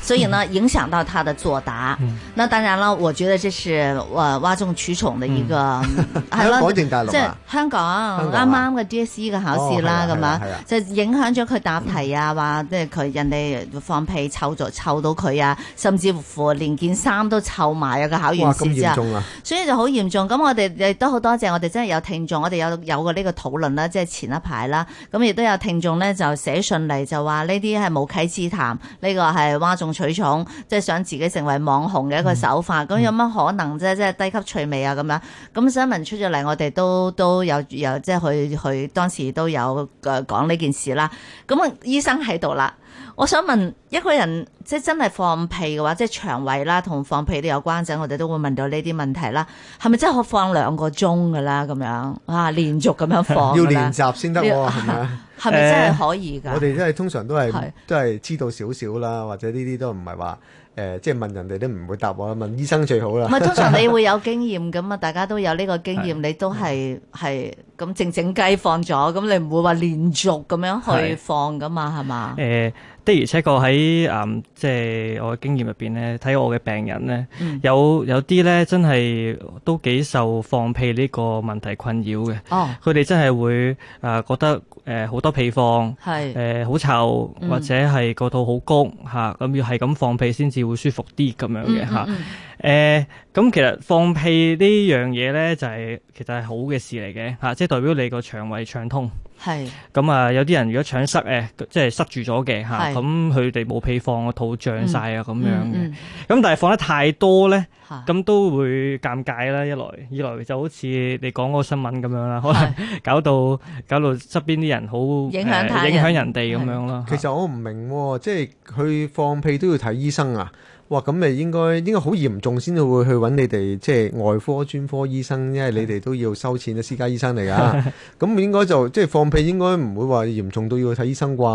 所以呢，影響到他的作答。嗯、那當然啦，我覺得這是哇嘩眾取寵的一個。香港、嗯、 啦定大陸啊？香港，啱啱嘅 DSE 嘅考試啦，咁樣、哦啊啊啊、就影響咗佢答題啊，話即係佢人哋放屁臭咗臭到佢啊，甚至乎連件衫都臭埋啊！佢考完試之、啊、所以就好嚴重。咁我哋亦都好多謝我哋真係有聽眾，我哋有有個呢個討論啦，即、就、係、是、前一排啦。咁亦都有聽眾咧就寫信嚟就話呢啲係無稽之談，呢、這個係。係嘩眾取寵，即係想自己成為網紅嘅一個手法，咁、嗯、有乜可能啫？即係低級趣味啊，咁樣咁新聞出咗嚟，我哋都都有有即係去去當時都有誒講呢件事啦。咁啊，醫生喺度啦。我想問一個人，即係真係放屁嘅話，即係腸胃啦，同放屁都有關。陣我哋都會問到呢啲問題啦，係咪真係可放兩個鐘㗎啦？咁樣啊，連續咁樣放，要練習先得喎，係咪？係咪真係可以㗎？欸、我哋即係通常都係是都係知道少少啦，或者呢啲都唔係話。誒、呃，即係問人哋都唔會答我，問醫生最好啦。唔係通常你會有經驗咁啊， 大家都有呢個經驗，的你都係係咁靜靜雞放咗，咁你唔會話連續咁樣去放噶嘛，係嘛的？誒吧。呃的而且確喺誒，即係我嘅經驗入邊咧，睇我嘅病人咧、嗯，有有啲咧真係都幾受放屁呢個問題困擾嘅。哦，佢哋真係會誒覺得誒好、呃、多屁放，係誒好臭，或者係個肚好谷，吓、嗯，咁、啊、要係咁放屁先至會舒服啲咁樣嘅吓。誒、啊，咁、嗯嗯嗯啊、其實放屁呢樣嘢咧，就係、是、其實係好嘅事嚟嘅吓，即、啊、係、就是、代表你個腸胃暢通。係咁啊！有啲人如果腸塞誒，即係塞住咗嘅嚇，咁佢哋冇屁放，個肚脹晒啊咁樣嘅。咁、嗯嗯嗯、但係放得太多咧，咁都會尷尬啦。一來，二來就好似你講嗰個新聞咁樣啦是，可能搞到搞到側邊啲人好影響影響人哋咁樣咯。其實我唔明，即係佢放屁都要睇醫生啊？哇，咁咪應該應該好嚴重先會去揾你哋，即係外科專科醫生，因為你哋都要收錢嘅私家醫生嚟㗎。咁 應該就即係放屁，應該唔會話嚴重到要去睇醫生啩？誒、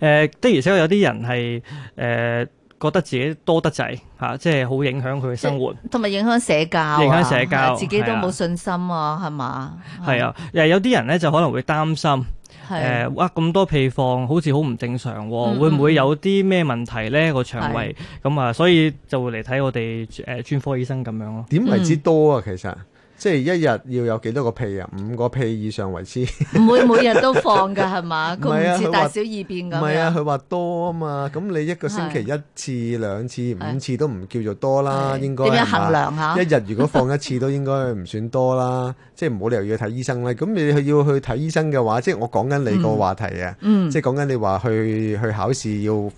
呃、的而且確有啲人係誒。呃覺得自己多得滯嚇，即係好影響佢嘅生活，同埋影響、啊、影響社交，影響社交，自己都冇信心啊，係嘛？係啊，誒吧、啊、有啲人咧就可能會擔心，誒哇咁多屁放，好似好唔正常、啊，嗯嗯會唔會有啲咩問題咧個腸胃咁是啊？所以就會嚟睇我哋誒專科醫生咁樣咯、啊。點為之多啊？其實～、嗯即係一日要有幾多個屁啊？五個屁以上為之，唔會每日都放㗎係嘛？佢唔似大小二便咁。唔係啊！佢話、啊、多啊嘛。咁你一個星期一次是 兩次五次都唔叫做多啦。的應該點樣衡量下？一日如果放一次都應該唔算多啦。 即係冇理由要睇醫生啦。咁你係要去睇醫生嘅話，即係我講緊你個話題啊。嗯嗯、即係講緊你話去去考試要。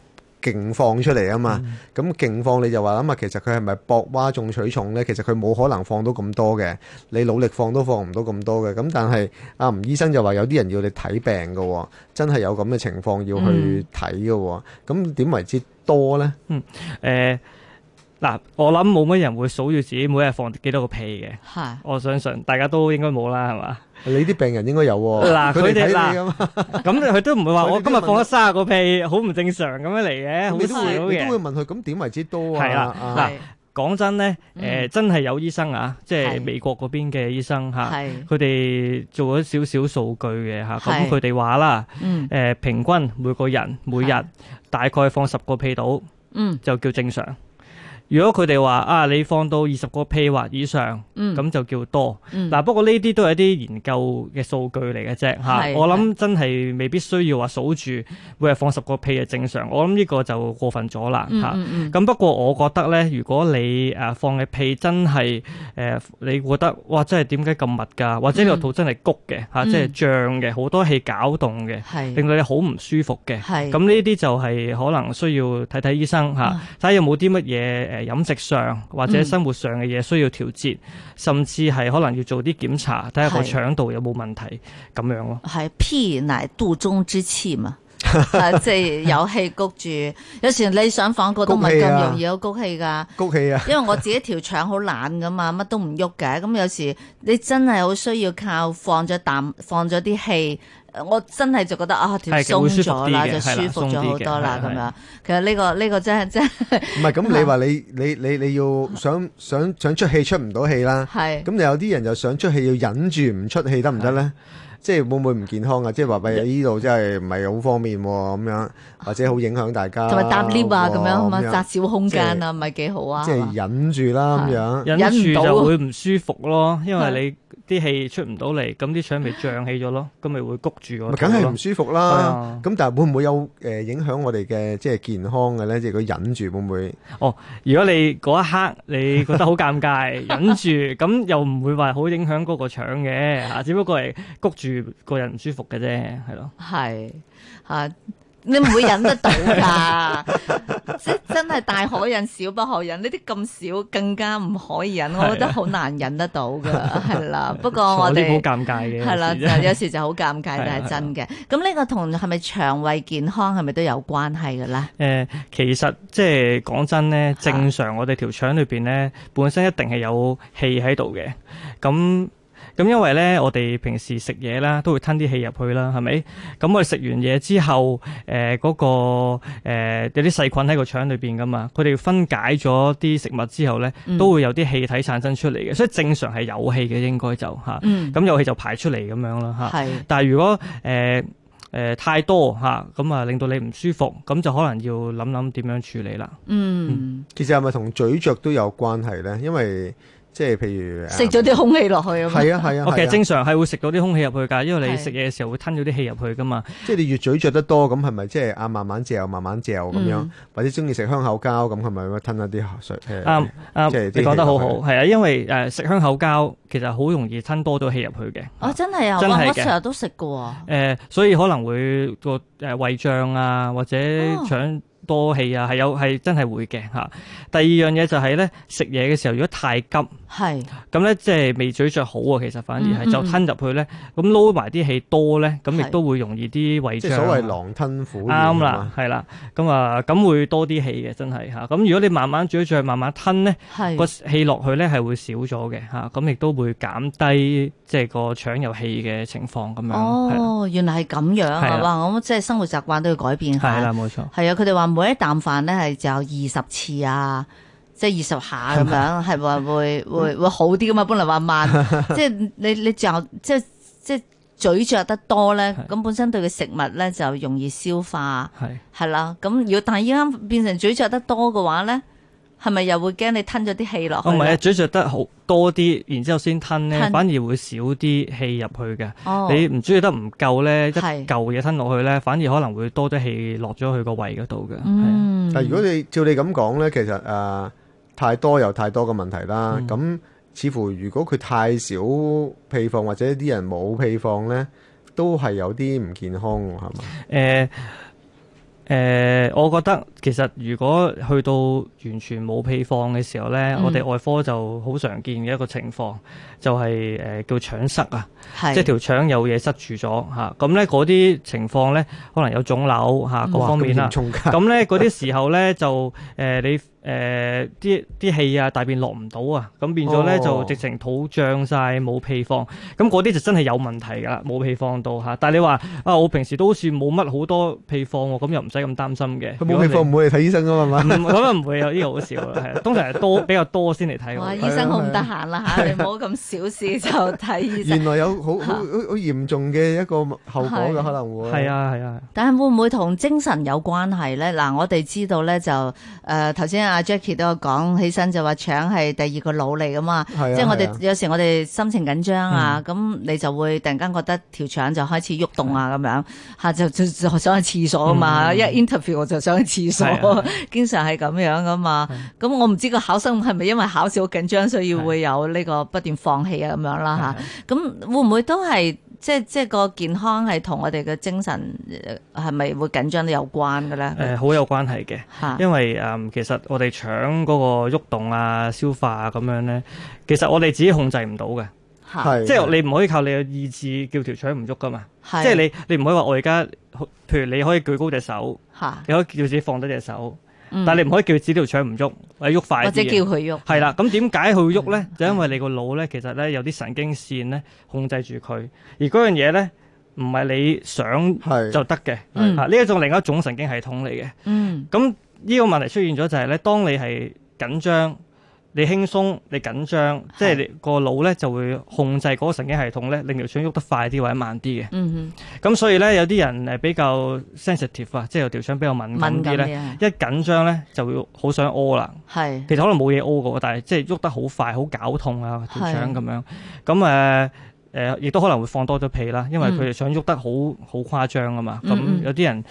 勁放出嚟啊嘛，咁勁放你就話諗啊，其實佢係咪博嘩眾取寵呢？其實佢冇可能放到咁多嘅，你努力放都放唔到咁多嘅。咁但係阿吳醫生就話有啲人要你睇病噶，真係有咁嘅情況要去睇噶。咁點、嗯、為之多呢？嗯，誒，嗱，我諗冇乜人會數住自己每日放幾多個屁嘅，吓，我相信大家都應該冇啦，係嘛？你啲病人應該有喎，嗱，佢哋，嗱，咁佢都唔會話我今日放咗卅個屁，好唔正常咁樣嚟嘅，好少嘅。你都會問佢，咁點為之多啊？係啦，嗱講真咧，誒真係有醫生啊，即係美國嗰邊嘅醫生嚇，佢哋做咗少少數據嘅嚇，咁佢哋話啦，誒平均每個人每日大概放十個屁到，嗯就叫正常。如果佢哋話啊，你放到二十個屁或以上，咁就叫多。嗱，不過呢啲都係一啲研究嘅數據嚟嘅啫嚇。我諗真係未必需要話數住，每日放十個屁係正常。我諗呢個就過分咗啦嚇。咁不過我覺得咧，如果你誒放嘅屁真係誒，你覺得哇，真係點解咁密㗎？或者你個肚真係谷嘅嚇，即係脹嘅，好多氣攪動嘅，令到你好唔舒服嘅。咁呢啲就係可能需要睇睇醫生嚇，睇下有冇啲乜嘢。飲食上或者生活上嘅嘢需要調節，嗯、甚至係可能要做啲檢查，睇下個腸度有冇問題咁是樣咯。係，屁乃肚中之氣嘛，即係、 啊就係、有氣谷住。有時你想放過都唔係咁容易，有谷氣噶。谷氣啊！谷氣啊，因為我自己條腸好懶噶嘛，乜都唔喐嘅。咁有時你真係好需要靠放咗啖、放咗啲氣。我真係就覺得啊，條鬆咗啦，就舒服咗好多啦，咁樣。其實呢個呢個真係真係唔係咁。你話你你你你要想想想出氣出唔到氣啦，咁又有啲人就想出氣要忍住唔出氣得唔得咧？即係會唔會唔健康啊？即係話弊喺呢度真係唔係好方便咁樣，或者好影響大家同埋搭 lift 啊咁樣好嘛，窄小空間啊，唔係幾好啊？即係忍住啦咁樣，忍住就會唔舒服咯，因為你。啲氣出唔到嚟，咁啲腸咪脹氣咗咯，咁咪會谷住我。梗係唔舒服啦。咁、啊、但係會唔會有誒影響我哋嘅即係健康嘅咧？即係佢忍住會唔會？哦，如果你嗰一刻你覺得好尷尬， 忍住，咁又唔會話好影響嗰個腸嘅，啊，只不過係谷住個人唔舒服嘅啫，係咯。係吓。啊你唔會忍得到㗎， 即係真係大可忍，小不可忍。呢啲咁少，更加唔可以忍。我覺得好難忍得到嘅，係啦。 不過我哋好尷尬嘅，係啦的，有時就好尷尬， 但係真嘅。咁呢 個同係咪腸胃健康係咪都有關係㗎咧？誒、呃，其實即係講真咧，正常我哋條腸裏邊咧，本身一定係有氣喺度嘅，咁。咁因為咧，我哋平時食嘢啦，都會吞啲氣入去啦，係咪？咁我哋食完嘢之後，誒、呃、嗰、嗰個、呃、有啲細菌喺個腸裏邊㗎嘛，佢哋分解咗啲食物之後咧，都會有啲氣體產生出嚟嘅，嗯、所以正常係有氣嘅，應該就嚇。咁、啊、有氣就排出嚟咁樣啦嚇。啊、係但係如果誒誒、呃呃、太多嚇，咁啊就令到你唔舒服，咁就可能要諗諗點樣處理啦。嗯，嗯，其實係咪同咀嚼都有關係咧？因為即係譬如食咗啲空氣落去啊！係啊係啊，其實正常係會食到啲空氣入去㗎，因為你食嘢嘅時候會吞咗啲氣入去㗎嘛。即係你越咀嚼得多，咁係咪即係啊？慢慢嚼，慢慢嚼咁樣，或者中意食香口膠咁，係咪會吞一啲水？啊啊！你講得好好，係啊，因為誒食香口膠其實好容易吞多咗氣入去嘅。哦，真係啊！真係嘅，我成日都食過。誒，所以可能會個誒胃脹啊，或者腸多氣啊，係有係真係會嘅嚇。第二樣嘢就係咧，食嘢嘅時候如果太急。係，咁咧即係未咀嚼好啊。其實反而係就吞入去咧，咁撈埋啲氣多咧，咁亦都會容易啲胃脹。即係所謂狼吞虎咽吧。啱啦，係啦，咁啊，咁會多啲氣嘅，真係吓。咁如果你慢慢咀嚼，慢慢吞咧，個氣落去咧係會少咗嘅吓，咁亦都會減低即係個腸有氣嘅情況咁樣。哦，的原來係咁樣啊。的哇，咁即係生活習慣都要改變下。係啦，冇錯。係啊，佢哋話每一啖飯咧係就有二十次啊。即係二十下咁樣，係話會會會好啲噶嘛？本嚟話慢，即係你你就即係即係咀嚼得多咧，咁本身對個食物咧就容易消化，係係啦。咁要但係依家變成咀嚼得多嘅話咧，係咪又會驚你吞咗啲氣落去？唔係啊，咀嚼得好多啲，然之後先吞咧，反而會少啲氣入去嘅。你唔咀嚼得唔夠咧，一舊嘢吞落去咧，反而可能會多啲氣落咗去個胃嗰度嘅。但如果你照你咁講咧，其實誒。太多有太多嘅問題啦，咁、嗯、似乎如果佢太少屁放或者啲人冇屁放呢，都係有啲唔健康㗎，係嘛？誒、呃呃、我覺得。其實如果去到完全冇屁放嘅時候咧，我哋、嗯、外科就好常見嘅一個情況就係、是、誒、呃、叫腸塞腸啊，即係條腸有嘢塞住咗嚇。咁咧嗰啲情況咧，可能有腫瘤嚇各、啊、方面啦。咁咧嗰啲時候咧就誒、呃、你誒啲啲氣啊大便落唔到啊，咁變咗咧就直情肚脹晒冇屁放。咁嗰啲就真係有問題㗎啦，冇屁放到嚇、啊。但係你話啊，我平時都好似冇乜好多屁放喎，咁又唔使咁擔心嘅。我哋睇醫生噶嘛嘛，可能唔會有呢個好少啦。係通常係多比較多先嚟睇。哇！醫生好唔得閒啦嚇，你唔好咁小事就睇醫生。原來有好好好嚴重嘅一個後果嘅可能會係啊係啊！但係會唔會同精神有關係咧？嗱，我哋知道咧就誒頭先阿 Jackie 都有講起身就話腸係第二個腦嚟噶嘛，即係我哋有時我哋心情緊張啊，咁你就會突然間覺得條腸就開始喐動啊咁樣嚇就就想去廁所啊嘛，一 interview 我就想去廁所。經常係咁樣噶嘛，咁、啊嗯、我唔知個考生係咪因為考試好緊張，所以會有呢個不斷放棄啊咁、啊、樣啦吓。咁、啊、會唔會都係即係即係個健康係同我哋嘅精神係咪會緊張都有關嘅咧？誒、呃，好有關係嘅，啊、因為誒、嗯，其實我哋腸嗰個喐動啊、消化啊咁樣咧，其實我哋自己控制唔到嘅。即係你唔可以靠你嘅意志叫條腸唔喐噶嘛，的即係你你唔可以話我而家，譬如你可以舉高隻手，的你可以叫自己放低隻手，嗯、但係你唔可以叫隻條腸唔喐，或者喐快，或者叫佢喐。係啦，咁點解佢喐咧？的就因為你個腦咧，其實咧有啲神經線咧控制住佢，而嗰樣嘢咧唔係你想係就得嘅，吓呢一種另一種神經系統嚟嘅。嗯，咁呢、嗯、個問題出現咗就係咧，當你係緊張。你輕鬆，你緊張，即係你個腦咧就會控制嗰個神經系統咧，令條腸喐得快啲或者慢啲嘅。嗯哼。咁所以咧，有啲人誒比較 sensitive 啊，即係條腸比較敏感啲咧，一緊張咧就會好想屙啦。係。其實可能冇嘢屙嘅，但係即係喐得好快，好攪痛啊條腸咁樣。咁誒誒，亦都可能會放多咗屁啦，因為佢哋想喐得好好誇張啊嘛。咁有啲人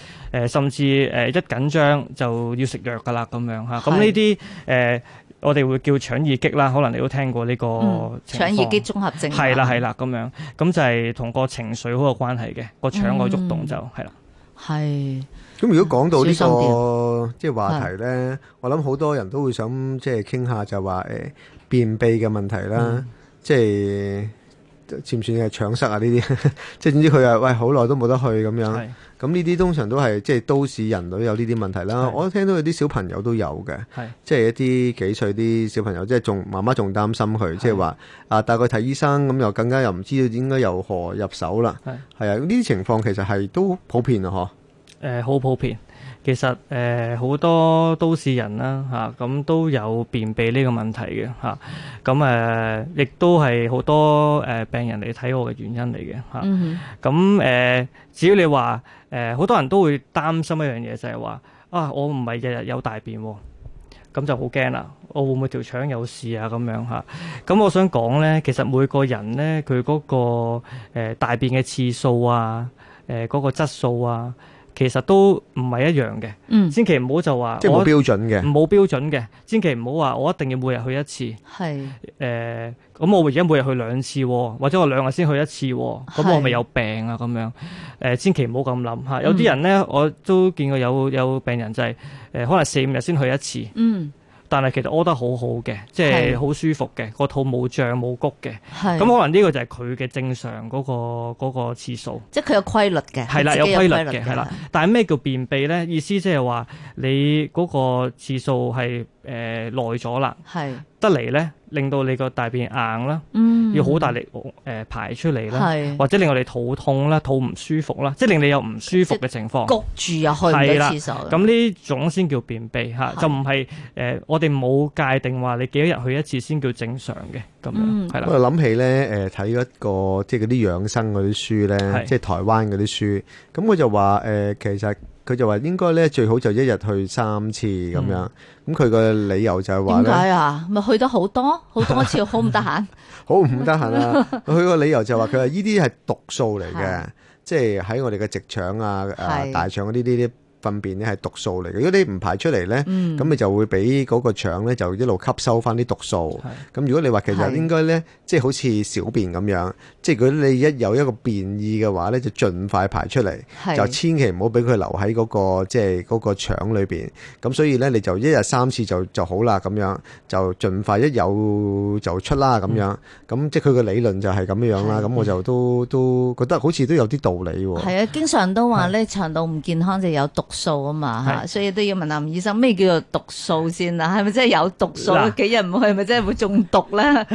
誒，甚至誒一緊張就要食藥嘅啦咁樣嚇。咁呢啲誒。我哋會叫腸易激啦，可能你都聽過呢個、嗯、腸易激綜合症。係啦係啦咁樣，咁就係同個情緒好有關係嘅，個腸個喐動就係啦。係。咁、嗯、如果講到呢個即係話題呢，的我諗好多人都會想即係傾下就話、是、誒、呃、便秘嘅問題啦，即係、嗯。就是算唔算係搶塞啊？呢啲即係點知佢呀，喂好耐都冇得去咁樣。咁呢啲通常都係即係都市人都有呢啲問題啦。是我聽到有啲小朋友都有嘅，是即係一啲幾歲啲小朋友，即係仲媽媽仲擔心佢，是即係話啊帶佢睇醫生咁，又更加又唔知道應該由何入手啦。係是啊，呢啲情況其實係都普遍咯，嗬、呃。誒，好普遍。其實誒好、呃、多都市人啦嚇，咁、啊、都有便秘呢個問題嘅嚇，咁誒亦都係好多誒病人嚟睇我嘅原因嚟嘅嚇。咁誒，只要你話誒，好多人都會擔心一樣嘢，就係話啊，我唔係日日有大便，咁就好驚啦。我會唔會條腸有事啊？咁樣嚇。咁我想講咧，其實每個人咧，佢嗰個誒大便嘅次數啊，誒嗰個質素啊。嗯其實都唔係一樣嘅，千祈唔好就話即係冇標準嘅，冇、嗯、標準嘅，千祈唔好話我一定要每日去一次。係是，誒、呃，咁我而家每日去兩次，或者我兩日先去一次，咁是我咪有病啊？咁樣，誒、呃，千祈唔好咁諗吓。嗯、有啲人咧，我都見過有有病人就係、是，誒、呃，可能四五日先去一次。嗯。但係其實屙得好好嘅，即係好舒服嘅，個肚冇脹冇谷嘅。咁的可能呢個就係佢嘅正常嗰、嗰個嗰個次數。即係佢有規律嘅，係啦的，有規律嘅，係啦的。但係咩叫便秘呢？意思即係話你嗰個次數係誒耐咗啦，係、呃、的得嚟呢，令到你個大便硬啦。嗯要好大力誒排出嚟啦，嗯、或者令我哋肚痛啦、肚唔舒服啦，即係令你有唔舒服嘅情況。焗住入去唔得咁呢種先叫便秘嚇，是就唔係誒我哋冇界定話你幾多日去一次先叫正常嘅咁樣，係啦、嗯。了我就諗起咧誒睇一個即係嗰啲養生嗰啲書咧，是即係台灣嗰啲書，咁我就話誒、呃、其實。佢就話應該咧最好就一日去三次咁樣，咁佢個理由就係話點解啊？咪去得好多好多次， 好唔得閒，好唔得閒啊！佢個 理由就係話佢話呢啲係毒素嚟嘅，的即係喺我哋嘅直腸啊、誒、啊、大腸嗰啲呢啲。糞便咧係毒素嚟嘅，如果你唔排出嚟咧，咁你就會俾嗰個腸咧就一路吸收翻啲毒素。咁如果你話其實應該咧，即係好似小便咁樣，即係如果你一有一個便意嘅話咧，就盡快排出嚟，就千祈唔好俾佢留喺嗰個即係嗰個腸裏邊。咁所以咧，你就一日三次就就好啦，咁樣就盡快一有就出啦，咁樣。咁即係佢個理論就係咁樣啦。咁我就都都覺得好似都有啲道理喎。係啊，經常都話咧，腸道唔健康就有毒。數啊嘛，所以都要問下吳醫生咩叫做毒素先啦？係咪真係有毒素？幾日唔去咪真係會中毒咧？誒，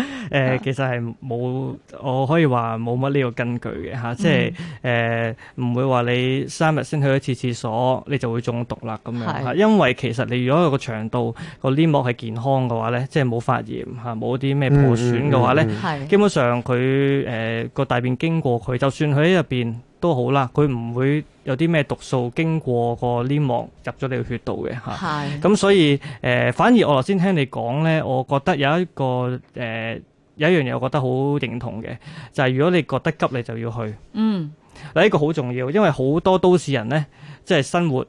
其實係冇，我可以話冇乜呢個根據嘅吓，即係誒，唔會話你三日先去一次廁所，你就會中毒啦咁樣吓。因為其實你如果有個腸道個黏膜係健康嘅話咧，即係冇發炎吓，冇啲咩破損嘅話咧，基本上佢誒個大便經過佢，就算佢喺入邊。都好啦，佢唔會有啲咩毒素經過個黏膜入咗你個血道嘅嚇。咁是的、啊、所以誒、呃，反而我頭先聽你講咧，我覺得有一個誒、呃、有一樣嘢，我覺得好認同嘅，就係、是、如果你覺得急，你就要去。嗯，嗱呢個好重要，因為好多都市人咧，即係生活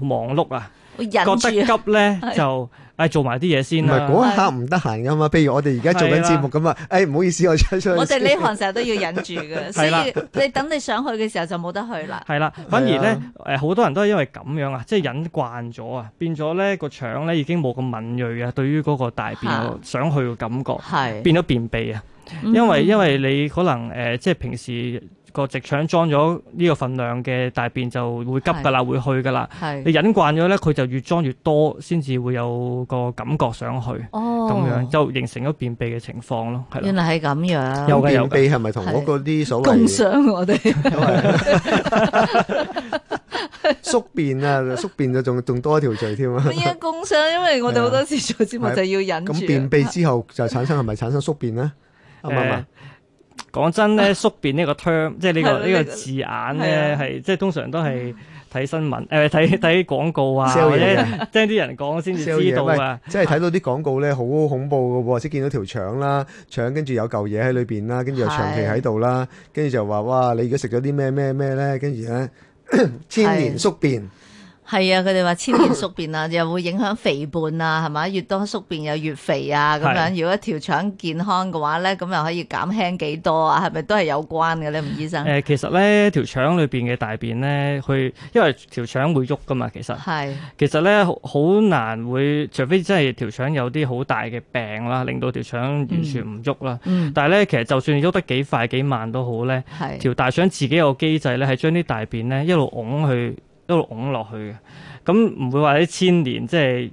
忙碌啊。覺得急咧就誒，做埋啲嘢先啦。唔係嗰一刻唔得閒噶嘛譬如我哋而家做緊節目咁啊，誒，唔好意思，我出出去。我哋呢行成日都要忍住噶，所以你等你想去嘅時候就冇得去啦。係啦，反而咧誒，好多人都係因為咁樣啊，即係忍慣咗啊，變咗咧個腸咧已經冇咁敏銳啊，對於嗰個大便想去嘅感覺係變咗便秘啊，因為因為你可能誒即係平時。個直腸裝咗呢個份量嘅大便就會急噶啦，會去噶啦。你忍慣咗咧，佢就越裝越多，先至會有個感覺上去，咁樣就形成咗便秘嘅情況咯。係啦。原來係咁樣。有便秘係咪同嗰啲所謂？工傷我哋。宿便啊，宿便就仲仲多一條罪添啊！依家工傷，因為我哋好多次做節目就要忍住。咁便秘之後就產生係咪產生宿便咧？啱唔啱啊？講真咧，宿便呢個 term，、啊、即係、這、呢個呢、這個字眼咧，係、啊、即係通常都係睇新聞，誒睇睇廣告啊，即係聽啲人講先至知道啊。即係睇到啲廣告咧，好恐怖噶、啊，即係見到條腸啦，腸跟住有嚿嘢喺裏邊啦，跟住又長期喺度啦，跟住就話哇，你而家食咗啲咩咩咩咧，跟住咧千年宿便。係啊，佢哋話千年宿便啊，又會影響肥胖啊，係咪？越多宿便又越肥啊，咁樣。是如果條腸健康嘅話咧，咁又可以減輕幾多啊？係咪都係有關嘅咧，吳醫生？誒，其實咧條腸裏邊嘅大便咧，去因為條腸會喐噶嘛，其實係。是其實咧好難會，除非真係條腸有啲好大嘅病啦，令到條腸完全唔喐啦。嗯嗯，但係咧，其實就算喐得幾快幾慢都好咧，係是。條大腸自己有個機制咧，係將啲大便咧一路拱去。一路拱落去嘅，咁唔會話啲千年即係、就是、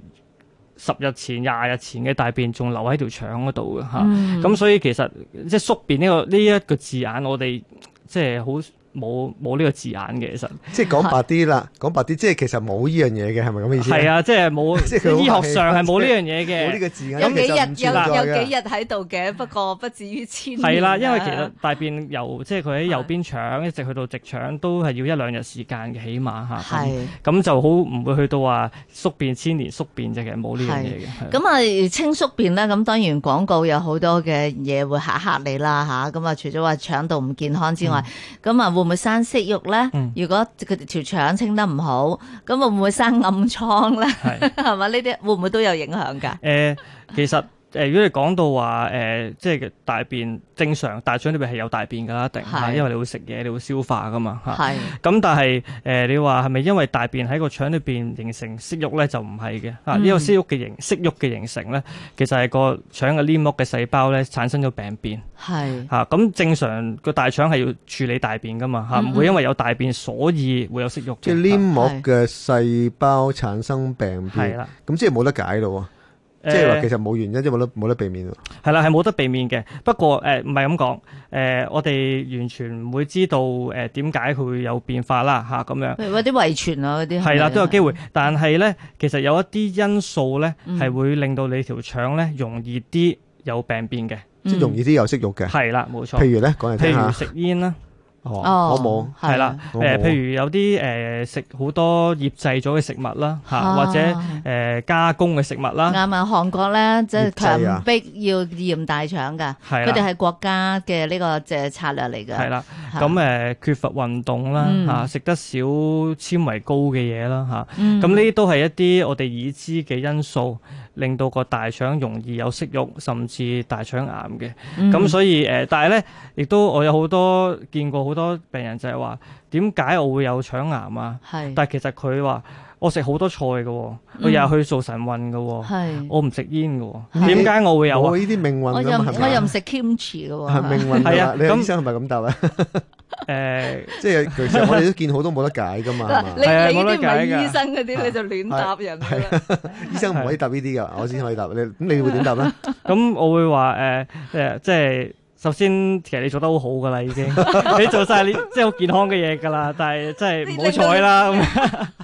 十日前、廿日前嘅大便仲留喺條腸嗰度嘅吓，咁、嗯啊、所以其實即係宿便呢、這個呢一、這個字眼，我哋即係好。冇冇呢個字眼嘅，其實即係講白啲啦，講是白啲即係其實冇呢樣嘢嘅，係咪咁嘅意思？係啊，即係冇， 即係佢醫學上係冇呢樣嘢嘅，冇呢個字眼。有幾日有有幾日喺度嘅，不過不至於千、啊。係啦、啊，因為其實大便由即係佢喺右邊腸一直去到直腸都係要一兩日時間嘅，起碼嚇。係是。咁就好唔會去到話宿便，千年宿便，即係冇呢樣嘢嘅。咁、嗯、啊，清宿便啦。咁當然廣告有好多嘅嘢會嚇嚇你啦吓，咁、嗯、啊，除咗話腸道唔健康之外，咁、嗯、啊、嗯嗯嗯會唔會生息肉咧？嗯、如果佢條腸清得唔好，咁會唔會生暗瘡咧？係咪呢啲會唔會都有影響噶？誒、呃，其實。誒，如果你講到話誒，即係大便正常，大腸裏邊係有大便噶啦，一定嚇，因為你會食嘢，你會消化噶嘛嚇。係。咁但係誒，你話係咪因為大便喺個腸裏邊形成息肉咧，就唔係嘅嚇？呢個息肉嘅形息肉嘅形成咧，其實係個腸嘅黏膜嘅細胞咧產生咗病變。係。嚇，咁正常個大腸係要處理大便噶嘛嚇，唔會因為有大便所以會有息肉。即係黏膜嘅細胞產生病變。係啦。咁即係冇得解咯喎。即係話其實冇原因，即冇得冇得避免喎。係啦，係冇得避免嘅。不過誒，唔係咁講。誒、呃，我哋完全唔會知道誒點解佢會有變化啦吓，咁、啊、樣。嗰啲遺傳啊，嗰啲係啦，都有機會。但係咧，其實有一啲因素咧係、嗯、會令到你條腸咧容易啲有病變嘅。即係容易啲有息肉嘅。係啦，冇錯。譬如咧，講嚟聽，聽。譬如食煙啦。哦，好冇，係啦，誒，譬如有啲誒食好多醃製咗嘅食物啦，吓，或者誒加工嘅食物啦。啱，啊，啊，韓國咧即係強逼要驗大腸嘅，佢哋係國家嘅呢個誒策略嚟㗎。係啦，咁、嗯、誒缺乏運動啦，嚇，食得少纖維高嘅嘢啦，嚇、嗯，咁呢都係一啲我哋已知嘅因素，令到個大腸容易有息肉，甚至大腸癌嘅。咁、嗯、所以誒，但係咧，亦都我有好多見過好。好多病人就係話，點解我會有腸癌啊？係，但係其實佢話我食好多菜嘅，我又去做晨運嘅，我唔食煙嘅，點解我會有呢啲命運，我又唔食 kimchi 嘅，命運係啊？咁醫生係咪咁答啊？誒，即係其實我哋都見好多冇得解噶嘛。你你啲唔係醫生嗰啲，你就亂答人。醫生唔可以答呢啲噶，我先可以答你。咁你會點答咧？咁我會話誒誒，即係。首先，其實你做得好好噶啦，已經 你做晒你 即係好健康嘅嘢噶啦，但係真係唔好彩啦。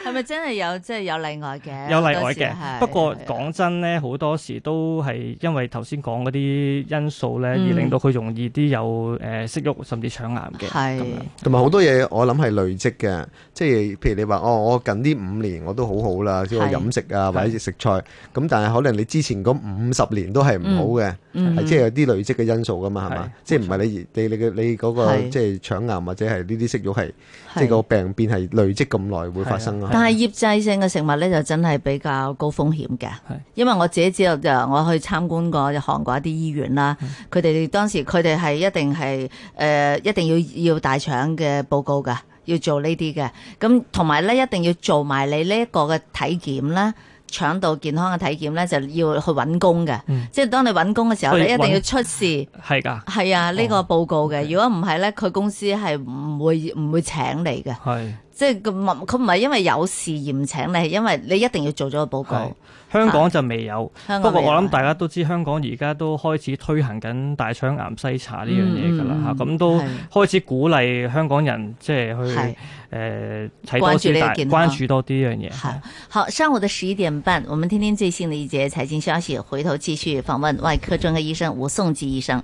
係咪真係有即係有例外嘅？有例外嘅，不過講真咧，好多時都係因為頭先講嗰啲因素咧，而令到佢容易啲有誒息肉，甚至腸癌嘅。係咁樣。同埋好多嘢，我諗係累積嘅，即係譬如你話哦，我近呢五年我都好好啦，即係飲食啊或者食菜，咁但係可能你之前嗰五十年都係唔好嘅，係即係有啲累積嘅因素噶嘛，係嘛？即係唔係你你你嘅你嗰個即係腸癌或者係呢啲息肉係即係個病變係累積咁耐會發生啊？但係醃製性嘅食物咧，就真係比較高風險嘅。的因為我自己知道，就我去參觀過韓國一啲醫院啦，佢哋、嗯、當時佢哋係一定係誒、呃、一定要要大腸嘅報告嘅，要做呢啲嘅。咁同埋咧，一定要做埋你呢一個嘅體檢啦，腸道健康嘅體檢咧，就要去揾工嘅。嗯、即係當你揾工嘅時候以你一定要出示係㗎。係啊、嗯，呢的、呢個報告嘅。哦、如果唔係咧，佢公司係唔會唔會，會請你嘅。係的。即係佢唔佢唔係因為有事而唔請你，係因為你一定要做咗個報告。香港就未有，有，不過我諗大家都知香港而家都開始推行緊大腸癌篩查呢樣嘢㗎啦嚇，咁都開始鼓勵香港人即係去誒睇是、呃、多啲大關注，關注多啲呢樣嘢。好是是好，上午的十一點半，我們聽聽最新的一節財經消息，回頭繼續訪問外科專科醫生吳頌基醫生。